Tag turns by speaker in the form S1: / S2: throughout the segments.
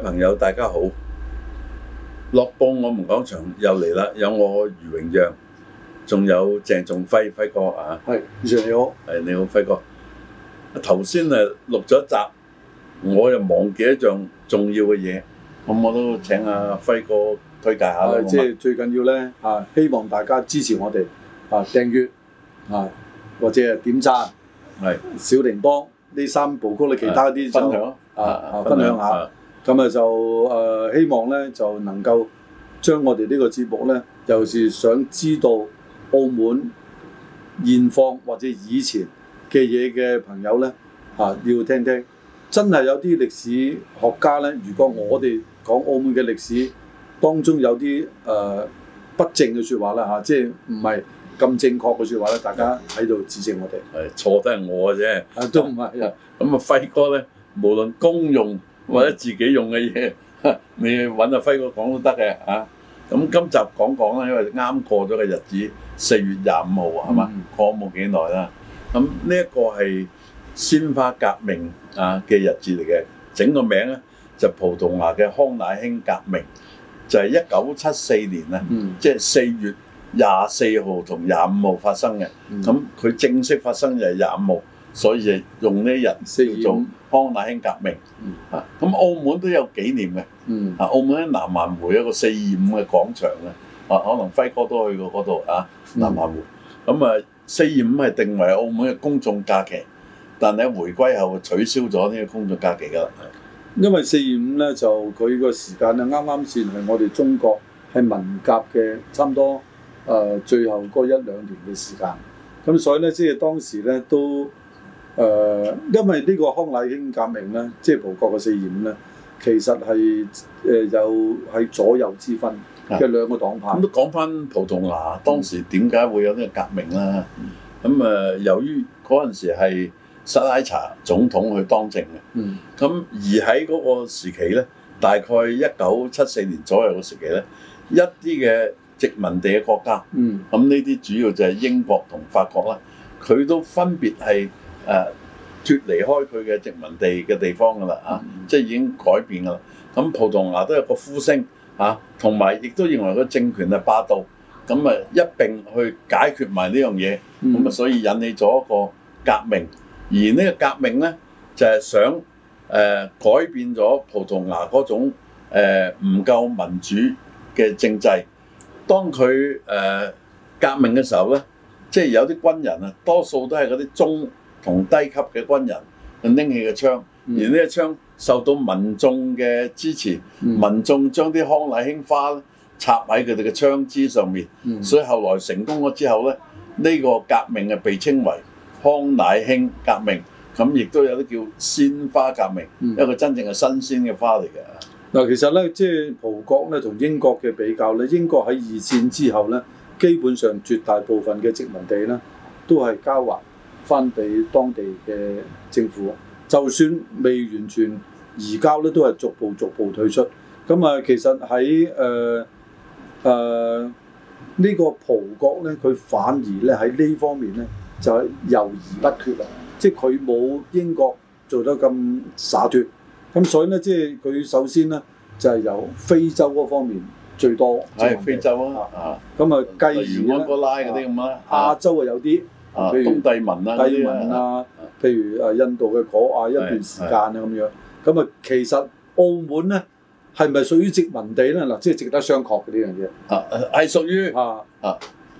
S1: 朋友，大家好！樂報我們講場又嚟啦，有我余榮讓，仲有鄭仲輝輝哥啊。係，余常你好。係你好，輝哥。頭先誒錄咗一集，我又忘記一樣重要嘅嘢，咁我都請阿、啊、輝哥推介下、嗯啊、即係最緊要咧，啊，希望大家支持我哋啊，訂閱啊，或者係點讚，係少定多呢三部曲你其他啲分享啊，啊，啊，啊，分享、啊啊、分享下。啊。咁啊就誒、呃、希望咧，就能夠將我哋呢個節目咧，又是想知道澳門現況或者以前嘅嘢嘅朋友咧，嚇、啊、要聽聽。真係有啲歷史學家咧，如果我哋講澳門嘅歷史當中有啲誒、呃、不正嘅説話啦嚇、啊，即係唔係咁正確嘅説話咧，大家喺度指正我哋。係錯都係我嘅啫、啊，都唔係啊。咁啊輝哥咧，無論公用。或者自己用嘅嘢，你揾阿輝哥講都得嘅嚇。咁今集講講啦，因為啱過咗個日子，四月廿五號係嘛，過冇幾耐啦。咁呢一個係鮮花革命啊嘅日子嚟嘅，整個名咧就葡萄牙嘅康乃馨革命，就係一九七四年咧，即係四月廿四號同廿五號發生嘅。咁佢正式發生就係廿五號。所以就用呢一日先做康乃馨革命，嗯、啊咁澳門都有紀念嘅、嗯，啊澳門喺南灣湖一個四二五嘅廣場咧，啊可能輝哥都去過嗰度啊南灣湖，咁、嗯、啊四二五係定為澳門嘅公眾假期，但係喺回歸後取消咗呢個公眾假期噶啦，因為四二五咧就佢個時間咧啱啱先係我哋中國係文革嘅差唔多誒、呃、最後嗰一兩年嘅時間，咁所以咧即係當時咧都。誒、呃，因為呢個康乃馨革命呢即係葡國嘅四二五咧，其實係誒、呃、有係左右之分嘅兩個黨派。咁、嗯、都講翻葡萄牙當時點解會有呢個革命啦？咁、嗯、啊、呃，由於嗰陣時係薩拉查總統去當政嘅，咁、嗯、而喺嗰個時期呢大概一九七四年左右嘅時期呢一啲嘅殖民地嘅國家，咁呢啲主要就係英國同法國啦，佢都分別係。誒、啊、脫離開佢嘅殖民地嘅地方㗎啦、嗯、啊，即係已經改變㗎啦。咁葡萄牙都有個呼聲嚇，同埋亦都認為個政權係霸道，咁啊一並去解決埋呢樣嘢，咁、嗯、啊所以引起咗一個革命。而呢個革命呢，就係、是、想誒、呃、改變咗葡萄牙嗰種唔、呃、夠民主嘅政制。當佢誒、呃、革命嘅時候呢，即係有啲軍人啊，多數都係嗰啲中。同低級嘅軍人拎起個槍，嗯、而呢個槍受到民眾嘅支持，嗯、民眾將啲康乃馨花插喺佢哋嘅槍枝上面，嗯，所以後來成功咗之後呢，呢、呢個革命啊，被稱為康乃馨革命，咁亦都有啲叫鮮花革命，嗯、一個真正嘅新鮮嘅花嚟嘅。嗱，其實呢，即係葡國咧，同英國嘅比較咧，英國喺二戰之後呢，基本上絕大部分嘅殖民地呢都係交還。翻俾當地嘅政府，就算未完全移交咧，都係逐步逐步退出。咁啊，其實喺誒誒呢個葡國咧，佢反而咧喺呢方面咧就係、猶而不決啊！即係佢冇英國做得咁灑脱。咁所以咧，即係佢首先咧就係、係、由非洲嗰方面最多，即、哎、誒非洲啊，咁啊，安、啊、哥、啊、拉啲咁啊，啊，亞洲啊有啲。比如東帝汶啦，帝汶啦，譬如啊，啊如印度嘅嗰啊一段時間啊咁樣，咁啊其實澳門咧係咪屬於殖民地咧？嗱，即係值得商榷嘅呢樣嘢。啊，係屬於啊啊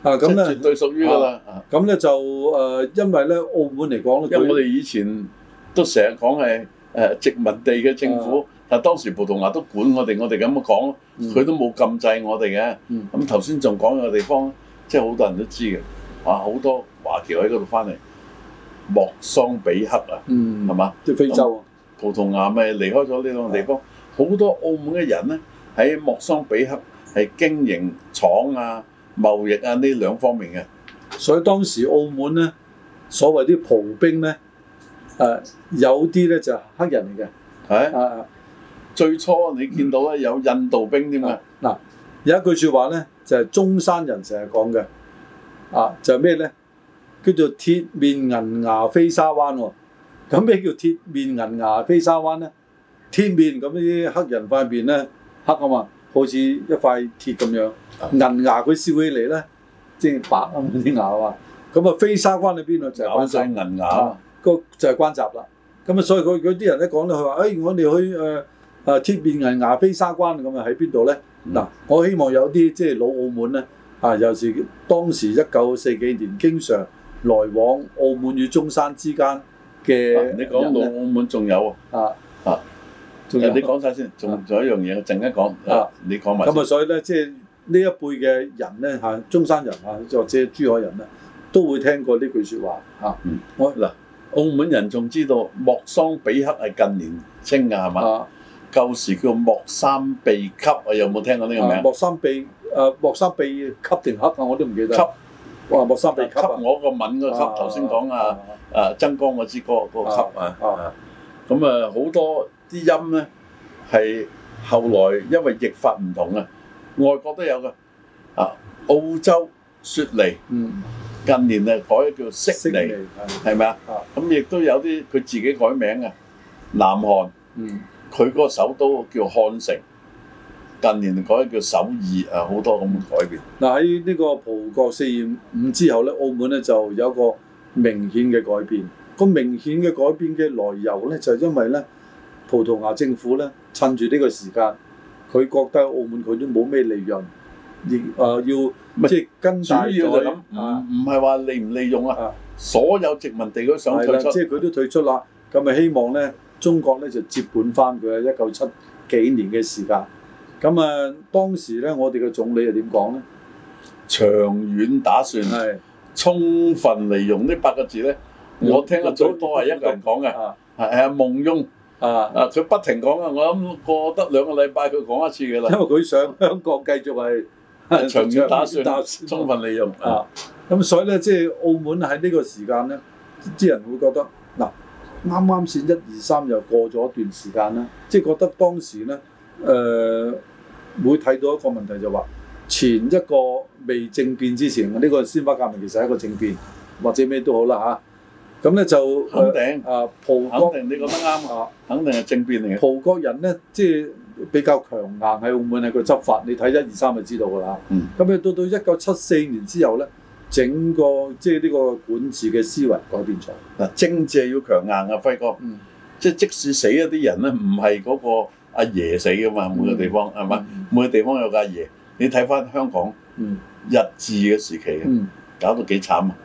S1: 啊咁咧、嗯啊啊，絕對屬於㗎啦。咁、啊、咧、啊嗯啊啊啊啊嗯、就誒、啊，因為咧澳門嚟講咧，因為我哋以前都成日講係誒殖民地嘅政府，但係當時葡萄牙都管我哋，我哋咁講，佢都冇禁制我哋嘅。咁頭先仲講個地方，即係好多人都知嘅。很多在啊！好多華僑喺嗰度翻嚟，莫桑比克啊，係嘛？即係非洲啊。葡萄牙咪離開咗呢兩個地方，好、啊、多澳門嘅人咧喺莫桑比克係經營廠啊、貿易啊呢兩方面嘅。所以當時澳門咧，所謂啲葡兵咧，誒、呃、有啲咧就係黑人嚟嘅。係啊，啊，最初你見到咧、嗯、有印度兵添嘛？嗱、啊啊，有一句說話咧，就係、是、中山人成日講嘅。啊，就係咩咧？叫做鐵面銀牙飛沙灣喎，哦。咁咩叫鐵面銀牙飛沙灣咧？鐵面，咁啲黑人塊面咧，黑啊嘛，好似一塊鐵咁樣。銀牙，佢笑起嚟咧，即係白啊嘛啲牙啊嘛。咁啊飛沙灣喺邊度？就係、是、關閘銀牙，那個就係關閘啦。咁啊，所以佢佢啲人咧講到佢話：，誒、哎，我哋去誒誒、呃、鐵面銀牙飛沙灣咁，嗯、啊喺邊度咧？嗱，我希望有啲即係老澳門咧。啊！又是當時一九四幾年，經常來往澳門與中山之間嘅。你講到澳門仲有啊？啊啊，仲有。你講晒先，仲仲有一樣嘢，我陣間講。啊，你講埋。咁啊，所以咧，即係呢一輩嘅人咧嚇、啊，中山人啊，或者珠海人啦，都會聽過呢句説話嚇。我、啊、嗱、嗯啊，澳門人仲知道莫桑比克係近年稱㗎係嘛？啊。舊時、啊、叫莫三鼻級，我有冇聽過呢個名字、啊？莫三鼻。誒莫三比級定黑啊，我都唔記得。級，哇莫三比級，我個敏個級，頭先講啊，誒曾光嗰支歌嗰個級啊，咁啊好多啲音咧係後來因為譯法唔同啊，外國都有㗎，啊澳洲雪梨，近年啊改咗叫悉尼，係咪啊？咁亦都有啲佢自己改名啊，南韓，佢個首都叫漢城。近年改、嗰個、叫首爾啊，好多咁嘅改變。嗱，喺呢個葡國四二五之後咧，澳門咧就有一個明顯嘅改變。個明顯嘅改變嘅來由咧，就係、是、因為咧葡萄牙政府咧趁住呢個時間，佢覺得澳門佢都冇咩利潤，亦啊、呃、要即係、呃、跟大要咁唔唔係話利唔利用啊，啊？所有殖民地都想退出，即係佢都退出啦。咁、啊、咪希望咧中國咧就接管翻佢喺一九七幾年嘅時間。咁啊，當時咧，我哋嘅總理係點講咧？長遠打算，係充分利用呢八個字咧。我聽得最多係一個人講嘅，係係啊，蒙雍啊啊，佢、啊、不停講嘅。我諗過得兩個禮拜，佢講一次嘅啦。因為佢想香港繼續係長遠打，打算，充分利用啊。咁所以咧，即係澳門喺呢個時間咧，啲人會覺得嗱，啱啱先一二三又過咗一段時間啦，即係覺得當時咧。誒、呃、會睇到一個問題就話前一個未政變之前，呢、這個鮮花革命其實係一個政變，或者咩都好啦，咁咧就肯定、呃、肯定啊，啊，肯定你覺得啱啊，肯定係政變嚟嘅。葡國人咧即係比較強硬，喺澳門係個執法，你睇一二三就知道㗎啦。咁、嗯、你到到一九七四年之後咧，整個即係呢個管治嘅思維改變咗。嗱、啊，政治要強硬啊，輝哥。嗯、即係即使死一啲人咧，唔係嗰個。阿爺死噶嘛？每個地方係嘛、嗯嗯？每個地方有個阿爺。你睇翻香港、嗯、日治嘅時期、嗯的的嗯、啊，搞到幾慘啊，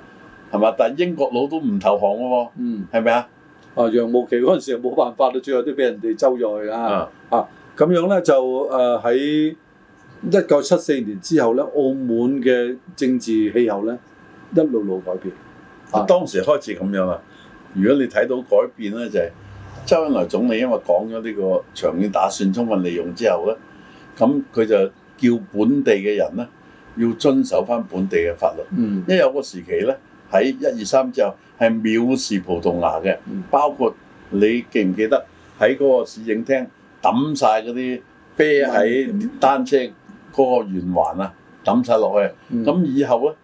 S1: 係嘛？但英國佬都唔投降喎，係咪啊？啊，楊慕琦嗰陣時冇辦法啦，最後都俾人哋收咗去啊。啊，咁樣咧就誒喺一九七四年之後咧，澳門嘅政治氣候咧一路路改變。咁、啊啊、當時開始咁樣啊，如果你睇到改變咧，就係、是。周恩來總理因為講咗呢個長遠打算，充分利用之後呢，咁佢就叫本地嘅人呢要遵守返本地嘅法律。嗯。因為有個時期呢，喺一二三之後係藐視葡萄牙嘅、嗯，包括你記唔記得喺嗰個市政廳抌晒嗰啲啤喺單車嗰個圓環啊，抌晒落去。咁、嗯、以後呢，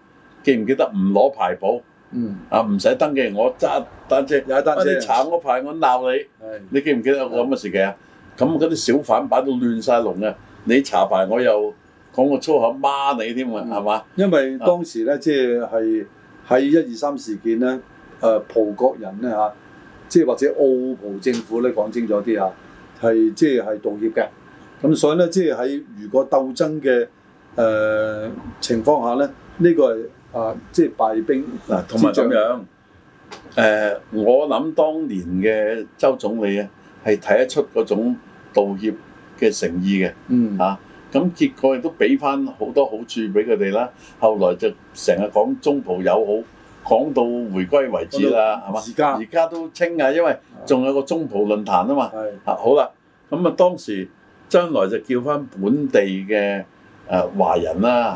S1: 記唔記得唔攞牌簿？嗯，啊唔使登記，我揸單車，踩單車、啊，你查我牌，我鬧你。係，你記唔記得有咁嘅時期啊？咁嗰啲小販擺到亂晒龍啊！你查牌，我又講個粗口，媽你添啊，係、嗯、嘛？因為當時咧、啊，即係係喺一二三事件咧，誒、呃、葡國人咧嚇，即係或者澳葡政府咧講清楚啲啊，係即係道歉嘅。咁所以咧，即係喺如果鬥爭嘅誒、呃、情況下咧，呢、這個係。啊！即係敗兵，嗱、啊，同埋誒、呃，我諗當年嘅周總理啊，係睇得出嗰種道歉嘅誠意嘅，嗯，嚇、啊、咁結果亦都俾翻好多好處俾佢哋啦。後來就成日講中葡友好，講到回歸為止啦，係嘛？而家而家都清啊，因為仲有個中葡論壇啊嘛，係啊，啊，好啦，咁啊，當時將來就叫翻本地嘅誒、啊、華人啦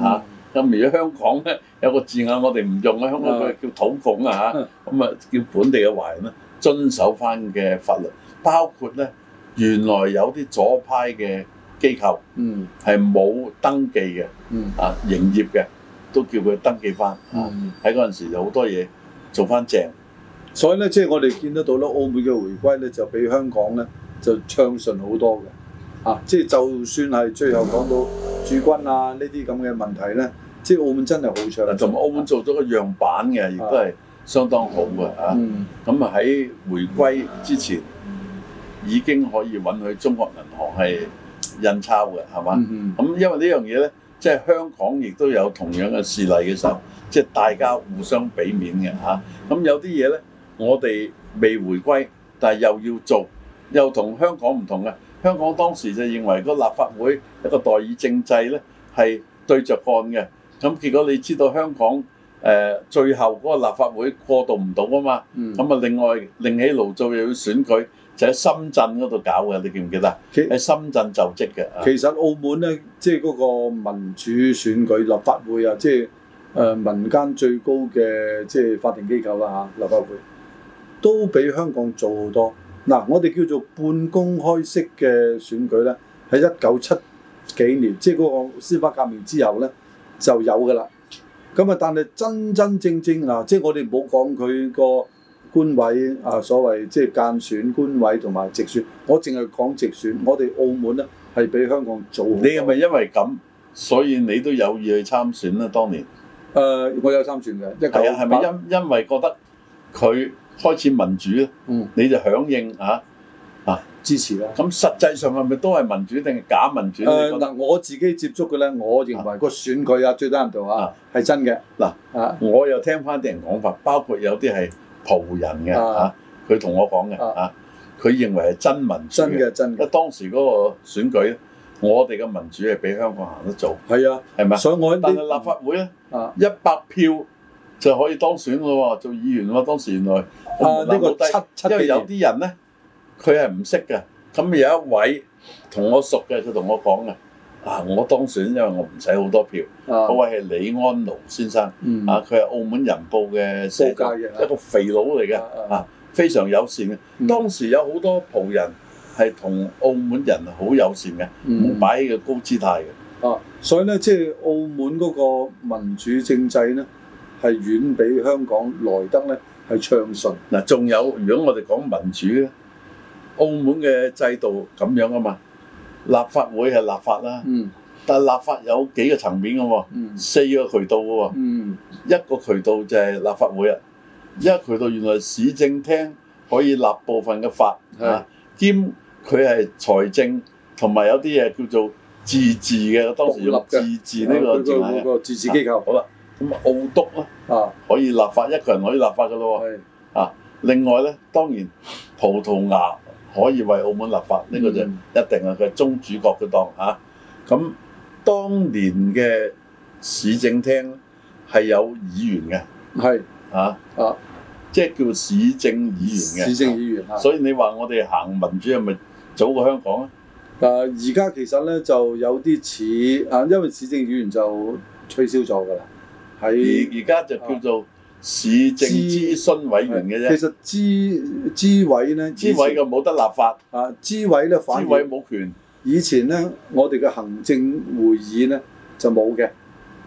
S1: 嚇，咁、啊嗯、而喺香港咧。有個字眼我哋唔用嘅，香港叫土共啊嚇，咁啊叫本地嘅華人咧遵守翻嘅法律，包括咧原來有啲左派嘅機構，嗯，係冇登記嘅，嗯啊營業嘅都叫佢登記翻，嗯，喺嗰陣時有好多嘢做翻正，所以咧即係我哋見得到咧，澳門嘅回歸咧就比香港咧就暢順好多嘅，啊，即係就算係最後講到駐軍啊呢啲咁嘅問題咧。即係澳門真係好彩啊，同埋澳門做咗個樣板嘅，亦都係相當好嘅嚇。咁啊喺、啊嗯啊、回歸之前、嗯、已經可以允許中國銀行係印鈔嘅，係、嗯、嘛？咁、嗯嗯嗯、因為呢樣嘢咧，即、就、係、是、香港亦都有同樣嘅事例嘅時候，即係大家互相俾面嘅嚇。咁、啊、有啲嘢咧，我哋未回歸，但係又要做，又同香港唔同嘅。香港當時就認為個立法會一個代議政制咧係對着幹嘅。咁結果你知道香港誒最後嗰個立法會過渡唔到啊嘛，咁啊，另外，另起爐灶又要選舉，就喺深圳嗰度搞嘅，你記唔記得？喺深圳就職嘅。其實澳門咧，即係嗰個民主選舉立法會啊，即係誒民間最高嘅即係法定機構啦嚇，立法會都比香港做好多。嗱，我哋叫做半公開式嘅選舉咧，喺一九七幾年，即係嗰個司法革命之後咧。就有嘅啦，咁啊，但係真真正正啊，即係我哋冇講佢個官位啊，所謂即係間選官位同埋直選，我淨係講直選。我哋澳門咧係俾香港做。你係咪因為咁，所以你都有意去參選咧、啊？當年、呃，我有參選嘅，一係咪因因為覺得佢開始民主、嗯、你就響應啊？支持咧、啊，咁實際上係咪都係民主定係假民主咧？嗱、呃，我自己接觸嘅咧，我認為個選舉啊，啊最低度啊係、啊、真嘅。嗱、啊啊，我又聽翻啲人講法，包括有啲係葡人嘅嚇，佢、啊、同、啊、我講嘅嚇，佢、啊啊、認為係真民主嘅。真嘅真嘅。當時嗰個選舉，我哋嘅民主係比香港行得早。係啊，係咪？所以我但係立法會咧，一、啊、百票就可以當選嘅喎，做議員喎。當時原來啊，呢、這個七七因為有啲人咧。佢係唔識嘅，咁有一位同我熟嘅，佢同我講嘅，啊，我當選，因為我唔使好多票。嗰、啊、位係李安奴先生，嗯、啊，佢係澳門人報嘅社長、啊，一個肥佬嚟嘅、啊，啊，非常友善嘅、嗯。當時有好多葡人係同澳門人好友善嘅，冇擺起個高姿態嘅。啊，所以咧，即係澳門嗰個民主政制咧，係遠比香港來得咧係暢順的。嗱、啊，仲有，如果我哋講民主咧。澳門嘅制度咁樣啊嘛，立法會係立法啦、嗯，但係立法有幾個層面嘅喎、嗯，四個渠道嘅喎、嗯，一個渠道就係立法會啊，一個渠道原來市政廳可以立部分嘅法嚇、啊，兼佢係財政同埋有啲嘢叫做自治嘅，當時用自治呢個字係。嗯嗰個嗰個嗰個、自治機構。啊、好啦，咁澳督咯，啊可以立法、啊，一個人可以立法嘅咯喎，啊另外咧當然葡萄牙。可以為澳門立法，呢、這個就一定係佢中主角嘅檔嚇。咁、啊、當年嘅市政廳係有議員嘅，係嚇啊，啊，即係叫市政議員嘅。市政議員嚇、啊。所以你話我哋行民主係咪早過香港啊？誒，而家其實咧就有啲似啊，因為市政議員就取消咗㗎啦。喺而家就叫做、啊。市政諮詢委員嘅啫，其實諮諮委咧，諮委嘅冇得立法啊，諮委咧反呢，委冇權。以前咧，我哋嘅行政會議咧就冇嘅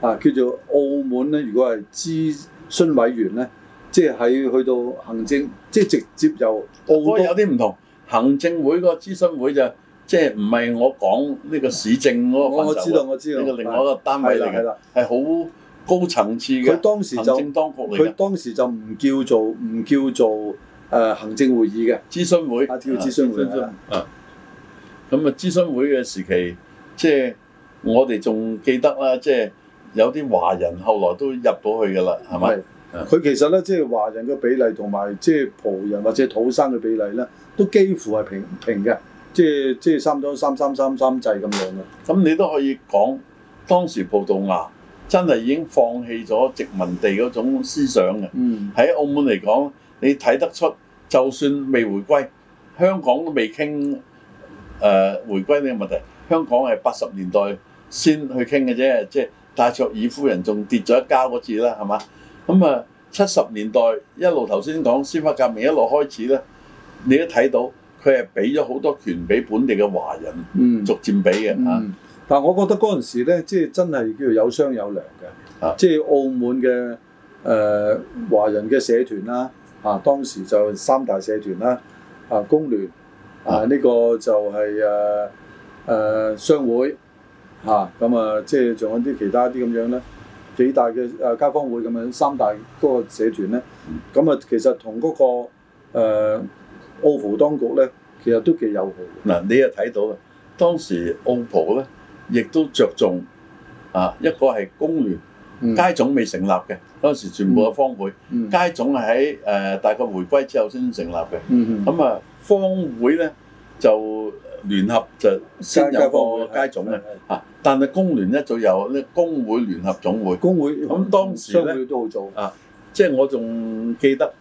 S1: 啊，叫做澳門咧，如果係諮詢委員咧，即係去到行政，即係直接由澳。嗰有啲唔同，行政會個諮詢會就即係唔係我講呢個市政嗰個，我我知道我知道，呢個另外一個單位嚟嘅，係好高層次嘅行政當局嚟嘅，佢當時就唔叫做唔叫做誒、呃、行政會議嘅諮詢會啊，叫諮詢會咁啊，諮詢、啊啊、會嘅時期，即、就、係、是、我哋仲記得啦，即、就、係、是、有啲華人後來都入到去噶啦，係咪？佢其實咧，即係華人嘅比例同埋即係葡人或者土生嘅比例咧，都幾乎係平平嘅，即係即係三三三三制咁樣嘅。咁你都可以講當時葡萄牙，真係已經放棄咗殖民地嗰種思想嘅。喺、嗯、澳門嚟講，你睇得出，就算未回歸，香港都未傾誒回歸呢個問題。香港係八十年代先去傾嘅啫，即、就、係、是、戴卓爾夫人仲跌咗一交嗰次啦，係嘛？咁、嗯、啊、嗯，七十年代一路頭先講，鮮花革命一路開始啦，你都睇到佢係俾咗好多權俾本地嘅華人，逐漸俾嘅嚇。嗯嗯但我覺得嗰陣時咧，即係真係叫有商有量嘅、啊，即係澳門嘅誒、呃、華人嘅社團啦，啊當時就三大社團啦，啊工聯，啊呢、啊呢個就係誒誒商會，嚇咁啊，即係仲有啲其他啲咁樣咧，幾大嘅誒街坊會咁樣，三大嗰個社團咧，咁、嗯、啊其實同嗰、嗰個、呃、澳葡當局咧，其實都幾友好的。嗱、啊、你又睇到啦，當時澳葡咧。亦都着重啊，一個係工聯街總未成立嘅，當時全部嘅方會、嗯、街總係喺誒大概回歸之後先成立嘅。咁、嗯、啊，方會咧就聯合就先有個街總嘅嚇、啊，但係工聯咧就由呢工會聯合總會工會，咁當時咧佢都會做啊，即、就、係、是、我仲記得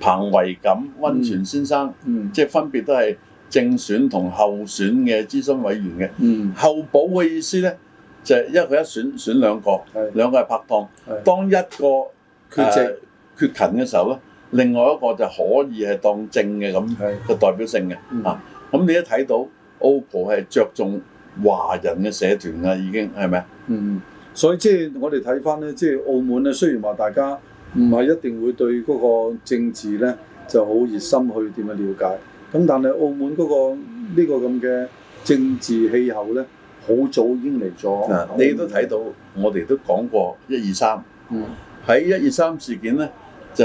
S1: 彭維錦、温泉先生，即、嗯、係、嗯就是、分別都係。正選同候選嘅諮詢委員嘅，候、嗯、補嘅意思咧就係因為佢一選選兩個，兩個係拍檔，當一個缺席、啊、缺勤嘅時候咧，另外一個就可以係當正嘅咁嘅代表性嘅、嗯、啊。咁你一睇到 OPPO 係着重華人嘅社團啊，已經係咪嗯，所以即係我哋睇翻咧，即、就、係、是、澳門咧，雖然話大家唔係一定會對嗰個政治咧就好熱心去點樣了解。咁但係澳門嗰個呢個咁嘅政治氣候咧，好早已經嚟咗、嗯。你都睇到，我哋都講過一二三。嗯，喺一二三事件咧，就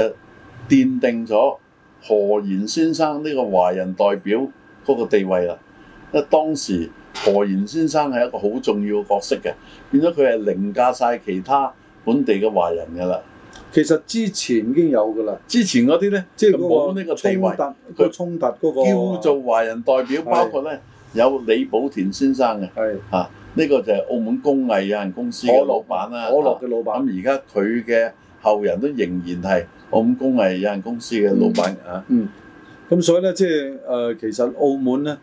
S1: 奠定咗何賢先生呢個華人代表嗰個地位啦。因為當時何賢先生係一個好重要嘅角色嘅，變咗佢係凌駕晒其他本地嘅華人嘅啦。其實之前已經有㗎喇，之前嗰啲咧，即係講呢個衝突，佢衝、那個、突嗰、那個那個、叫做華人代表，包括咧有李寶田先生嘅，嚇，呢、啊這個就係澳門工藝有限公司嘅老闆啦，可樂嘅老闆。而家佢嘅後人都仍然係澳門工藝有限公司嘅老闆嘅嗯，咁、啊嗯嗯、所以咧，即係誒、呃，其實澳門咧，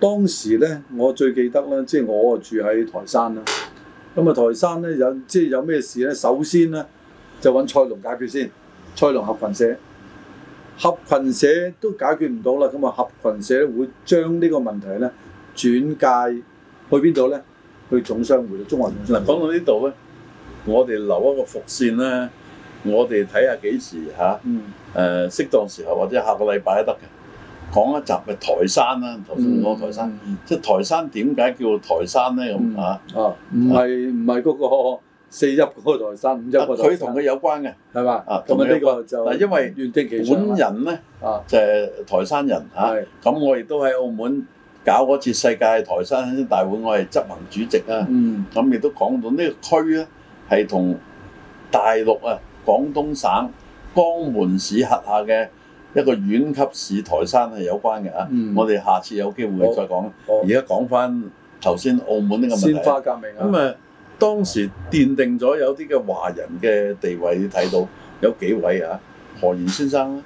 S1: 當時咧，我最記得咧、就是嗯，即係我住喺台山啦，咁啊台山咧有，即係有咩事咧，首先咧。就揾菜農解決先，菜農合群社，合群社都解決唔到啦，咁啊合群社會將呢個問題咧轉介去邊度咧？去總商會，中華總商會。講到呢度咧，我哋留一個伏線咧，我哋睇下幾時吓，誒、嗯啊、適當時候或者下個禮拜都得嘅。講一集咪台山啦，台山，即係台山點解、嗯、叫台山咧？咁、嗯、嚇啊，唔係唔係嗰個。四邑個台山，五邑個台山，佢同佢有關嘅，係嘛？啊，同埋呢個就遠因奇蹟本人咧、啊、就係、是、台山人嚇，咁、啊、我亦都喺澳門搞嗰次世界台山大會，我係執行主席啦、啊。嗯，咁、啊、亦、嗯、都講到呢個區咧係同大陸啊廣東省江門市轄下嘅一個縣級市台山係有關嘅啊。啊嗯、我哋下次有機會再講。而家講翻頭先澳門呢個問題。先化革命啊！咁啊～當時奠定咗有啲嘅華人嘅地位，你睇到有幾位啊？何賢先生啦、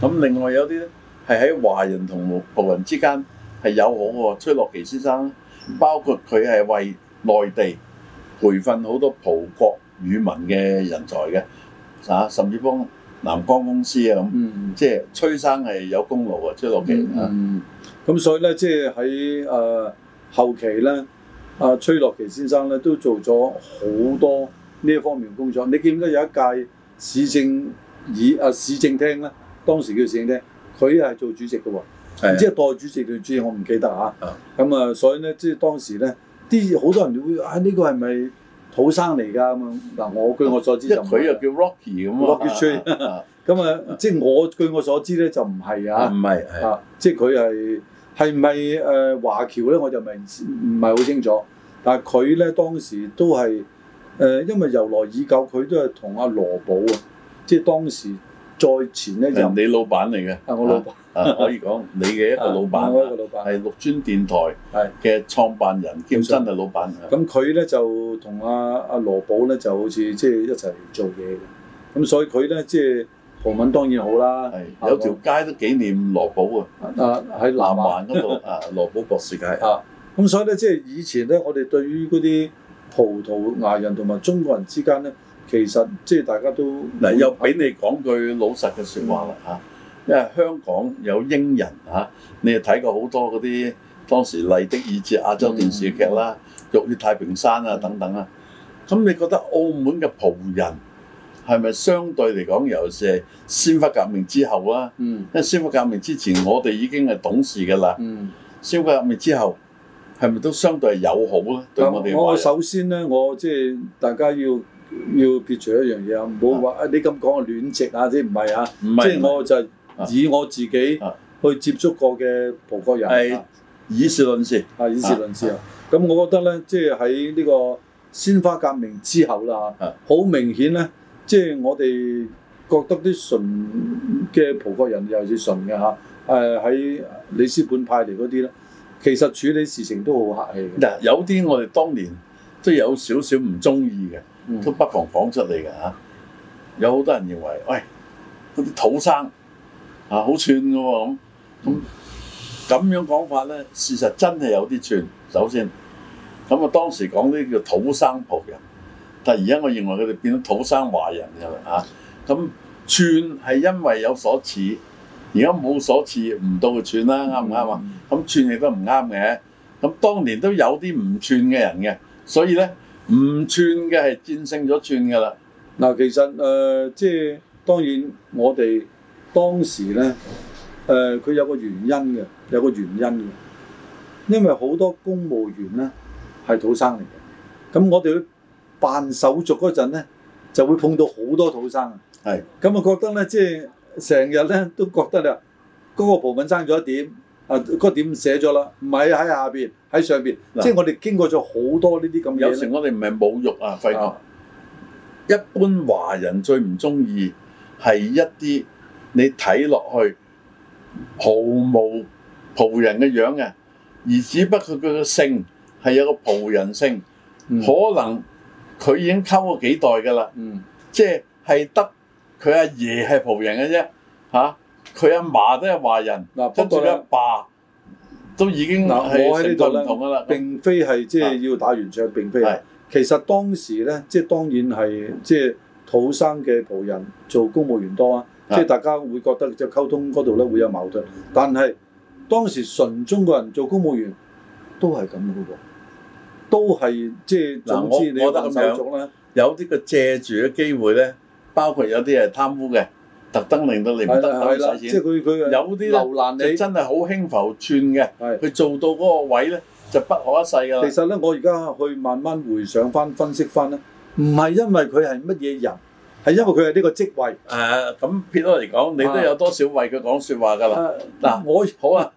S1: 啊，咁另外有啲係喺華人同葡人之間係友好嘅，崔樂祺先生、啊、包括佢係為內地培訓好多葡國語文嘅人才嘅啊，甚至幫南光公司啊咁、嗯，即係崔生係有功勞嘅，崔樂祺啊，咁、嗯、所以咧，即係喺誒後期咧。啊，崔洛奇先生咧都做咗好多呢一方面工作。嗯、你見唔見到有一屆市政議啊，市政廳咧，當時叫市政廳，佢係做主席嘅喎、哦。唔、啊、知係代主席定主席，我唔記得啊。咁啊，啊，所以咧，即、就、係、是、當時咧，啲好多人都會啊，呢、這個係咪土生嚟㗎咁樣？嗱、啊，我據我所知，即係佢又叫 Rocky 咁啊。Rocky、啊、吹！咁 啊，啊，啊，即係我據我所知咧就唔係啊。唔、嗯、係、啊。啊，即係佢係。係咪誒華僑咧？我就唔係唔係好清楚。但係佢咧當時都係誒、呃，因為由來已久，佢都係同阿羅寶啊，即係當時再前咧就你老闆嚟嘅，係我老闆，可以講、啊、你嘅一個老闆，係、啊啊、六尊電台係嘅創辦人叫真係老闆。咁佢咧就同阿阿羅寶咧就好似即係一齊做嘢嘅。咁所以佢咧即係。澳門當然好啦，有一條街都紀念羅保啊，啊喺南灣嗰度啊羅保博士街啊，咁所以咧即係以前咧我哋對於嗰啲葡萄牙人同埋中國人之間咧，其實即係大家都嗱又俾你講句老實嘅説話啦嚇、嗯啊，因為香港有英人嚇、啊，你又睇過好多嗰啲當時《麗的》以至亞洲電視劇啦，嗯《玉女太平山》啊、嗯、等等啊，咁你覺得澳門嘅葡人？係咪相對嚟講，尤其係鮮花革命之後啊？嗯，因為鮮花革命之前，我哋已經係懂事㗎啦。嗯，鮮花革命之後，係咪都相對係友好啊？對我哋嚟講，我首先咧，我即係大家要、嗯、要撇除一樣嘢，唔好話啊！你咁講係戀殖啊，即唔係啊，唔係，即係我就係以我自己去接觸過嘅葡國人係以事論事啊，以事論事啊。咁、啊啊、我覺得咧，即係喺呢個鮮花革命之後啦，啊，好明顯咧。即係我哋覺得啲純嘅葡國人又是純嘅嚇，誒喺里斯本派嚟嗰啲咧，其實處理事情都好客氣。嗱，有啲我哋當年都有少少唔中意嘅，都不妨講出嚟嘅嚇。有好多人認為，喂，嗰啲土生啊好串嘅喎，咁咁咁樣講法咧，事實真係有啲串。首先，咁啊當時講呢叫土生葡人。但係而家我認為佢哋變咗土生華人㗎啦嚇，咁串係因為有所恃，而家冇所恃，唔到串啦，啱唔啱啊？咁串亦都唔啱嘅，咁當年都有啲唔串嘅人嘅，所以咧唔串嘅係戰勝咗串㗎啦。嗱，其實誒、呃、即係當然我哋當時咧誒佢有個原因嘅，有個原因嘅，因為好多公務員咧係土生嚟嘅，咁我哋辦手續嗰陣咧，就會碰到好多土生啊。咁我覺得咧，即係成日咧都覺得咧，嗰、那個部分爭咗一點，啊、那，個點寫咗啦，唔係喺下邊，喺上邊。即係、就是、我哋經過咗好多呢啲咁嘢。有時我哋唔係侮辱啊，費事。一般華人最唔中意係一啲你睇落去毫無葡人嘅樣嘅，而只不過佢嘅姓係有個葡人姓、嗯，可能。佢已經溝過幾代㗎啦，嗯，即係得佢阿爺係葡人嘅啫，嚇、啊，佢阿嫲都係華人，包括阿爸都已經係、啊、並非係即係要打完仗，並非係、啊。其實當時咧，即、就是、當然係即係土生嘅葡人做公務員多啊，即、啊就是、大家會覺得即溝通嗰度咧會有矛盾，但係當時純中國人做公務員都係咁嘅喎。都係即係，總之你我覺得咁樣做，有啲嘅借住嘅機會咧，包括有啲係貪污嘅，特登令到你唔得咁。即係佢佢有啲咧，流難你真係好輕浮串嘅，佢做到嗰個位咧，就不可一世㗎。其實咧，我而家去慢慢回想翻分析翻咧，唔係因為佢係乜嘢人，係因為佢係呢個職位誒。咁撇開嚟講，你都有多少為佢講説話㗎嘛？嗱、啊啊，我好啊，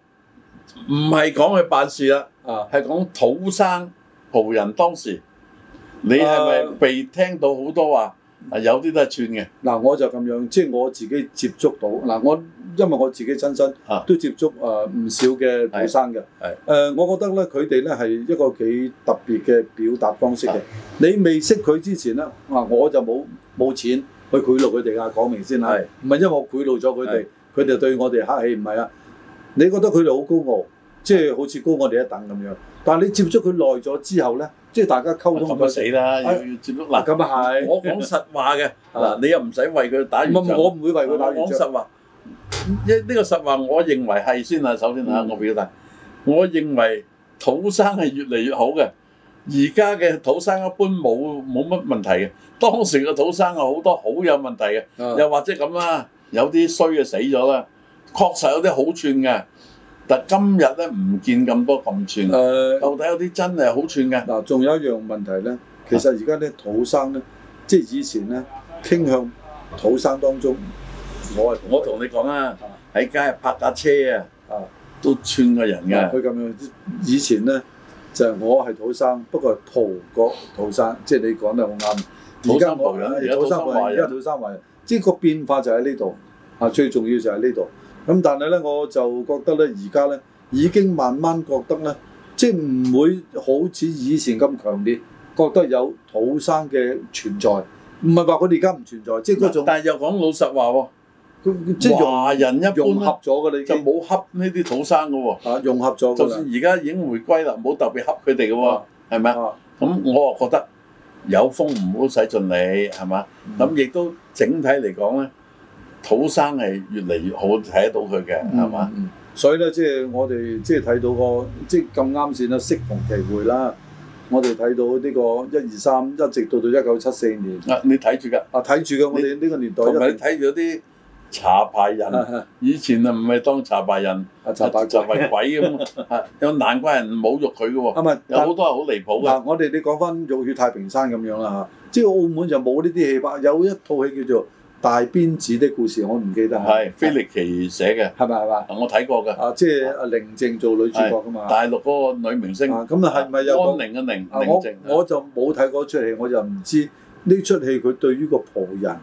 S1: 唔係講佢辦事啦，啊，係講土生。葡人當時，
S2: 你係咪
S1: 被聽到好多話，啊？啊，有啲都係串嘅。嗱、啊，我就咁樣，即係我自己接觸到。嗱、啊，我因為我自己親身都接觸啊唔、呃、少嘅葡生嘅。係。誒、啊，我覺得咧，佢哋咧係一個幾特別嘅表達方式嘅。你未識佢之前咧，啊，我就冇冇錢去賄賂佢哋啊，講明先啦。係。唔係因為我賄賂咗佢哋，佢哋對我哋客氣？誒，唔係啊，你覺得佢哋好高傲？即係好似高我哋一等咁樣，但係你接觸佢耐咗之後咧，即係大家溝通咁死啦，要接觸嗱，咁啊係，我講實話嘅嗱，你又唔使為佢打完仗，唔係唔係，我唔會為佢打完仗。講實話，呢呢個實話，我認為係先啦，首先啦，我表達，我認為土生係越嚟越好嘅，而家嘅土生一般冇冇乜問題嘅，當時嘅土生啊好多好有問題嘅，又或者咁啦，有啲衰嘅死咗啦，確實有啲好串嘅。但今日咧，唔見咁多咁串啊、呃！到底有啲真係好串嘅嗱，仲、呃、有一樣問題咧，其實而家啲土生咧，即係以前咧傾向土生當中，嗯、我我同你講啊，喺街泊架車啊，啊都串個人㗎。佢咁樣，以前咧就係、我係土生，不過葡國土生，即係你講得好啱。土生華人，土生華人，一個變化就喺呢度啊，最重要就喺呢度。咁、嗯、但係咧，我就覺得咧，而家咧已經慢慢覺得咧，即係唔會好似以前咁強烈，覺得有土生嘅存在。唔係話佢哋而家唔存在，即係佢仲。但係又講老實話喎，即係華人一融合咗般咧就冇恰呢啲土生嘅喎。啊，融合咗。就算而家已經回歸啦，唔好特別恰佢哋嘅喎，係咪？咁我又覺得有風唔好使盡你係嘛？咁亦、嗯、都整體嚟講咧。土生係越嚟越好睇得到佢嘅，係、嗯、嘛？所以咧，即、就、係、是、我哋即係睇到個即係咁啱先啦，適逢其會啦。我哋睇到呢個一二三一直到到一九七四年。啊，你睇住㗎？啊，睇住㗎！我哋呢個年代同睇住啲查白人，以前啊唔係當查白人，查、啊、白查白鬼咁，有 難怪人侮辱佢嘅喎。啊，有好多係好離譜嘅、啊啊。我哋你講翻《玉血太平山》山咁樣啦嚇，即係澳門就冇呢啲戲法，有一套戲叫做，大辮子的故事，我唔記得係菲力奇寫嘅，係咪係嘛？我睇過嘅啊，即係啊，寧靜做女主角噶嘛？大陸嗰個女明星咁啊，係咪有個安寧嘅寧。我就冇睇嗰出戲，我就唔知呢出戲佢對於個葡人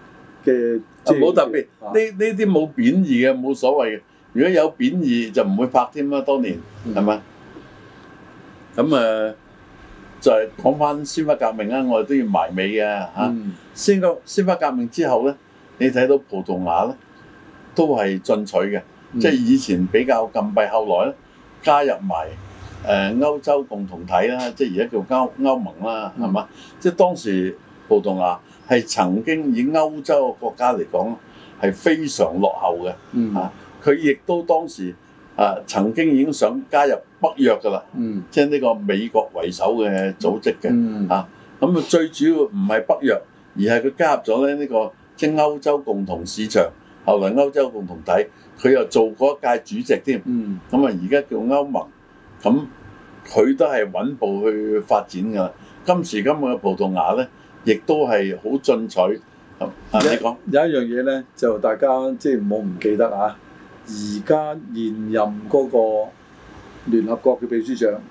S1: 嘅即冇特別呢，呢啲冇貶義嘅，冇所謂嘅。如果有貶義就唔會拍添啦。當年係咪？咁、嗯、誒、啊、就係、是、講翻鮮花革命啊！我哋都要埋尾嘅嚇。先、啊、個、嗯、鮮花革命之後咧。你睇到葡萄牙咧，都係進取嘅、嗯，即係以前比較禁閉，後來咧加入埋誒、呃、歐洲共同體啦，即係而家叫歐歐盟啦，係、嗯、嘛？即係當時葡萄牙係曾經以歐洲國家嚟講係非常落後嘅、嗯，啊，佢亦都當時啊曾經已經想加入北約㗎啦、嗯，即係呢個美國為首嘅組織嘅、嗯，啊，咁、嗯、啊最主要唔係北約，而係佢加入咗咧呢個。即係歐洲共同市場，後來歐洲共同體，佢又做過一屆主席添。嗯。咁啊，而家叫歐盟，咁佢都係穩步去發展㗎。今時今日嘅葡萄牙咧，亦都係好進取。你講有，有一樣嘢咧，就大家即係唔好唔記得啊。而家現任嗰個聯合國嘅秘書長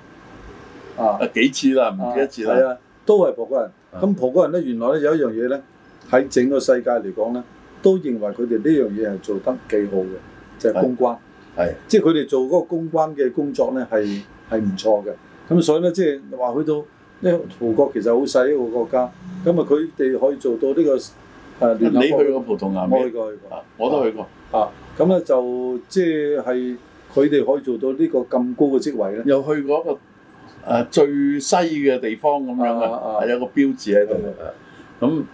S1: 啊，啊，幾次啦，唔記得一次啦。係啊，啊，都係葡萄牙。咁葡萄牙咧，原來咧有一樣嘢咧。喺整個世界嚟講咧，都認為佢哋呢樣嘢係做得幾好嘅，就係、是、公關。係，即係佢哋做嗰個公關嘅工作咧，係係唔錯嘅。咁、嗯、所以咧，即係話去到，因為葡國其實好細一個國家，咁啊佢哋可以做到呢、這個誒、啊、聯合國、你去過葡萄牙咩？我我去過，我都去過、啊啊。我都去過。啊，咁咧就即係佢哋可以做到這個這呢個咁高嘅職位咧。又去過一個誒、啊、最西嘅地方咁樣嘅，有、啊啊、一個標誌喺度咁。啊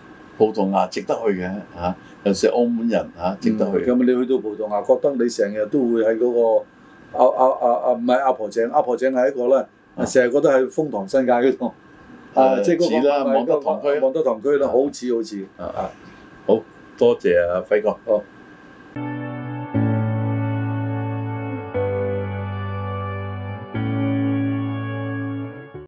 S1: 葡萄牙值得去嘅嚇、啊，尤其是澳門人嚇、啊嗯，值得去。咁你去到葡萄牙，覺得你成日都會喺嗰、那個阿阿阿唔係阿婆井，阿婆井係一個咧，成、啊、日、啊、覺得係風塘新界嗰度，
S2: 啊，即係嗰啦，望
S1: 德堂區，望德堂區啦，好似好似。啊啊、那個、啊，啊，啊，啊，好多謝、啊、輝哥。啊